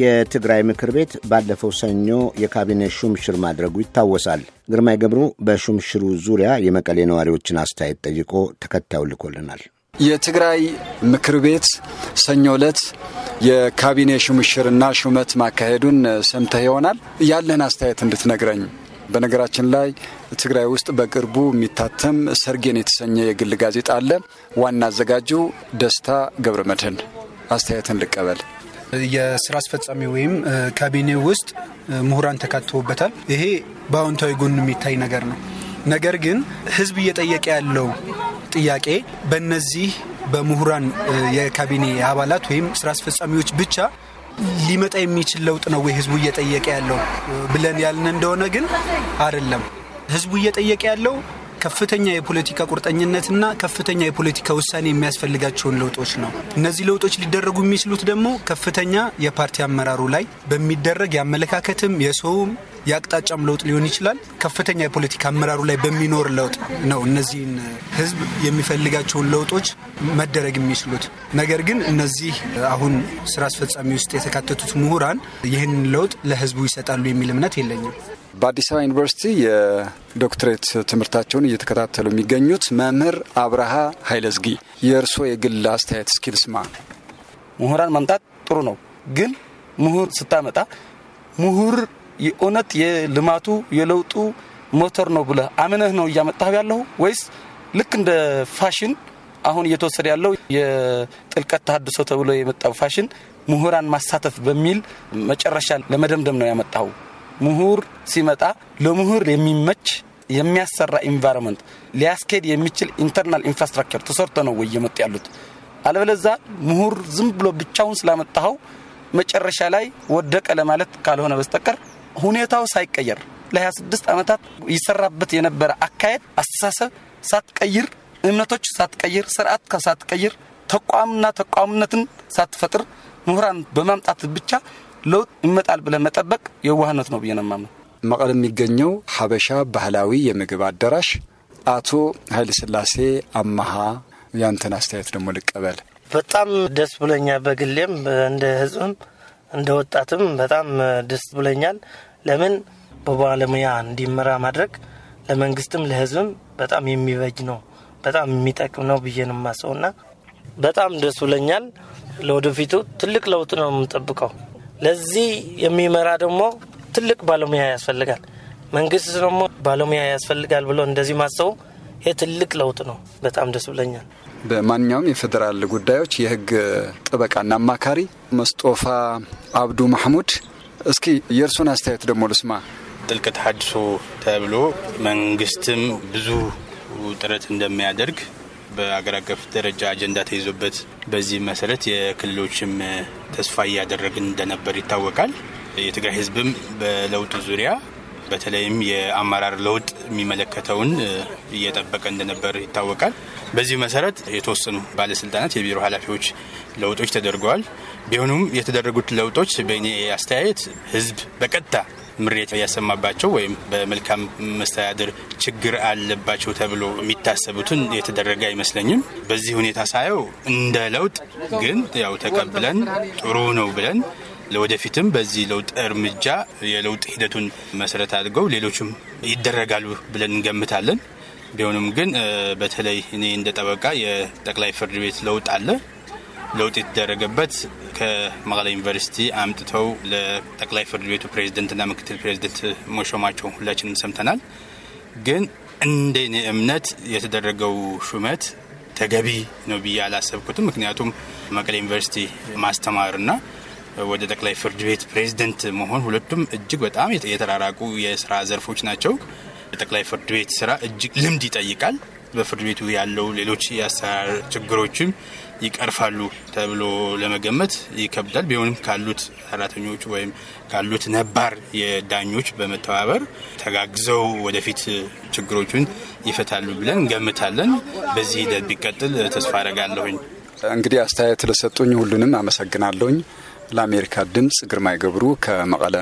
የትግራይ ምክር ቤት ባለፈው ሰኞ የካቢኔ ሹምሽር ማድረጉ ይታወሳል። ግርማይ ገብሩ በሹምሽሩ ዙሪያ የመቀሌ ነዋሪዎችን አስተያየት ጠይቆ ተከታዩ ልኮልናል። የትግራይ ምክር ቤት ሰኞ ዕለት የካቢኔ ሹምሽርና ሹመት ማካሄዱን ሰምተህ ይሆናል። ያለን አስተያየት እንድትነግረኝ በነገራችን ላይ ትግራይ ውስጥ በቅርቡ የሚታተም ሰርጌን የተሰኘ የግል ጋዜጣ አለ። ዋና አዘጋጁ ደስታ ገብረ መድህን። አስተያየትን ልቀበል። የስራ አስፈጻሚ ወይም ካቢኔ ውስጥ ምሁራን ተካትቶበታል። ይሄ በአዎንታዊ ጎን የሚታይ ነገር ነው። ነገር ግን ህዝብ እየጠየቀ ያለው ጥያቄ በእነዚህ በምሁራን የካቢኔ አባላት ወይም ስራ አስፈጻሚዎች ብቻ ሊመጣ የሚችል ለውጥ ነው ወይ ህዝቡ እየጠየቀ ያለው ብለን ያልን እንደሆነ ግን አይደለም። ህዝቡ እየጠየቀ ያለው ከፍተኛ የፖለቲካ ቁርጠኝነትና ከፍተኛ የፖለቲካ ውሳኔ የሚያስፈልጋቸውን ለውጦች ነው። እነዚህ ለውጦች ሊደረጉ የሚችሉት ደግሞ ከፍተኛ የፓርቲ አመራሩ ላይ በሚደረግ የአመለካከትም የሰውም የአቅጣጫም ለውጥ ሊሆን ይችላል። ከፍተኛ የፖለቲካ አመራሩ ላይ በሚኖር ለውጥ ነው እነዚህን ህዝብ የሚፈልጋቸውን ለውጦች መደረግ የሚችሉት። ነገር ግን እነዚህ አሁን ስራ አስፈጻሚ ውስጥ የተካተቱት ምሁራን ይህንን ለውጥ ለህዝቡ ይሰጣሉ የሚል እምነት የለኝም። በአዲስ አበባ ዩኒቨርሲቲ የዶክትሬት ትምህርታቸውን እየተከታተሉ የሚገኙት መምህር አብርሃ ኃይለዝጊ የእርስዎ የግል አስተያየት እስኪል ስማ። ምሁራን ማምጣት ጥሩ ነው፣ ግን ምሁር ስታመጣ ምሁር የእውነት የልማቱ የለውጡ ሞተር ነው ብለህ አምነህ ነው እያመጣህ ያለሁ ወይስ ልክ እንደ ፋሽን አሁን እየተወሰደ ያለው የጥልቀት ተሀድሶ ተብሎ የመጣው ፋሽን ምሁራን ማሳተፍ በሚል መጨረሻ ለመደምደም ነው ያመጣው? ምሁር ሲመጣ ለምሁር የሚመች የሚያሰራ ኢንቫይሮንመንት ሊያስኬድ የሚችል ኢንተርናል ኢንፍራስትራክቸር ተሰርቶ ነው ወይ እየመጡ ያሉት? አለበለዛ ምሁር ዝም ብሎ ብቻውን ስላመጣኸው መጨረሻ ላይ ወደቀ ለማለት ካልሆነ በስተቀር ሁኔታው ሳይቀየር ለ26 ዓመታት ይሰራበት የነበረ አካሄድ፣ አስተሳሰብ ሳትቀይር፣ እምነቶች ሳትቀይር፣ ስርዓት ሳትቀይር፣ ተቋምና ተቋምነትን ሳትፈጥር ምሁራን በማምጣት ብቻ ለውጥ ይመጣል ብለን መጠበቅ የዋህነት ነው ብዬ ነው የማምነው። መቀለ የሚገኘው ሀበሻ ባህላዊ የምግብ አዳራሽ። አቶ ኃይለስላሴ አማሃ ያንተን አስተያየት ደግሞ ልቀበል። በጣም ደስ ብሎኛል። በግሌም እንደ ህዝብም እንደ ወጣትም በጣም ደስ ብሎኛል። ለምን በባለሙያ እንዲመራ ማድረግ ለመንግስትም ለህዝብም በጣም የሚበጅ ነው፣ በጣም የሚጠቅም ነው ብዬ ነው የማስበው እና በጣም ደስ ብሎኛል። ለወደፊቱ ትልቅ ለውጥ ነው የምንጠብቀው። ለዚህ የሚመራ ደግሞ ትልቅ ባለሙያ ያስፈልጋል። መንግስት ደግሞ ባለሙያ ያስፈልጋል ብሎ እንደዚህ ማሰቡ ይህ ትልቅ ለውጥ ነው። በጣም ደስ ብለኛል። በማንኛውም የፌዴራል ጉዳዮች የህግ ጥበቃና አማካሪ መስጦፋ አብዱ ማህሙድ እስኪ የእርሱን አስተያየት ደግሞ ልስማ። ጥልቅ ተሃድሶ ተብሎ መንግስትም ብዙ ጥረት እንደሚያደርግ በአገር አቀፍ ደረጃ አጀንዳ ተይዞበት በዚህ መሰረት የክልሎችም ተስፋ እያደረግን እንደነበር ይታወቃል። የትግራይ ህዝብም በለውጡ ዙሪያ በተለይም የአመራር ለውጥ የሚመለከተውን እየጠበቀ እንደነበር ይታወቃል። በዚህ መሰረት የተወሰኑ ባለስልጣናት፣ የቢሮ ኃላፊዎች ለውጦች ተደርገዋል። ቢሆኑም የተደረጉት ለውጦች በእኔ አስተያየት ህዝብ በቀጥታ ምሬት ያሰማባቸው ወይም በመልካም መስተዳድር ችግር አለባቸው ተብሎ የሚታሰቡትን የተደረገ አይመስለኝም። በዚህ ሁኔታ ሳየው እንደ ለውጥ ግን ያው ተቀብለን ጥሩ ነው ብለን ለወደፊትም በዚህ ለውጥ እርምጃ የለውጥ ሂደቱን መሰረት አድርገው ሌሎችም ይደረጋሉ ብለን እንገምታለን። ቢሆንም ግን በተለይ እኔ እንደ ጠበቃ የጠቅላይ ፍርድ ቤት ለውጥ አለ። ለውጥ የተደረገበት ከመቀለ ዩኒቨርሲቲ አምጥተው ለጠቅላይ ፍርድ ቤቱ ፕሬዝደንትና ምክትል ፕሬዝደንት መሾማቸው ሁላችንም ሰምተናል። ግን እንደ እኔ እምነት የተደረገው ሹመት ተገቢ ነው ብዬ አላሰብኩትም። ምክንያቱም መቀለ ዩኒቨርሲቲ ማስተማርና ወደ ጠቅላይ ፍርድ ቤት ፕሬዝደንት መሆን ሁለቱም እጅግ በጣም የተራራቁ የስራ ዘርፎች ናቸው። ጠቅላይ ፍርድ ቤት ስራ እጅግ ልምድ ይጠይቃል። በፍርድ ቤቱ ያለው ሌሎች የአሰራር ችግሮችም ይቀርፋሉ ተብሎ ለመገመት ይከብዳል። ቢሆንም ካሉት ሰራተኞች ወይም ካሉት ነባር የዳኞች በመተባበር ተጋግዘው ወደፊት ችግሮቹን ይፈታሉ ብለን እንገምታለን። በዚህ ሂደት ቢቀጥል ተስፋ አረጋለሁኝ። እንግዲህ አስተያየት ለሰጡኝ ሁሉንም አመሰግናለሁኝ። ለአሜሪካ ድምፅ ግርማይ ገብሩ ከመቐለ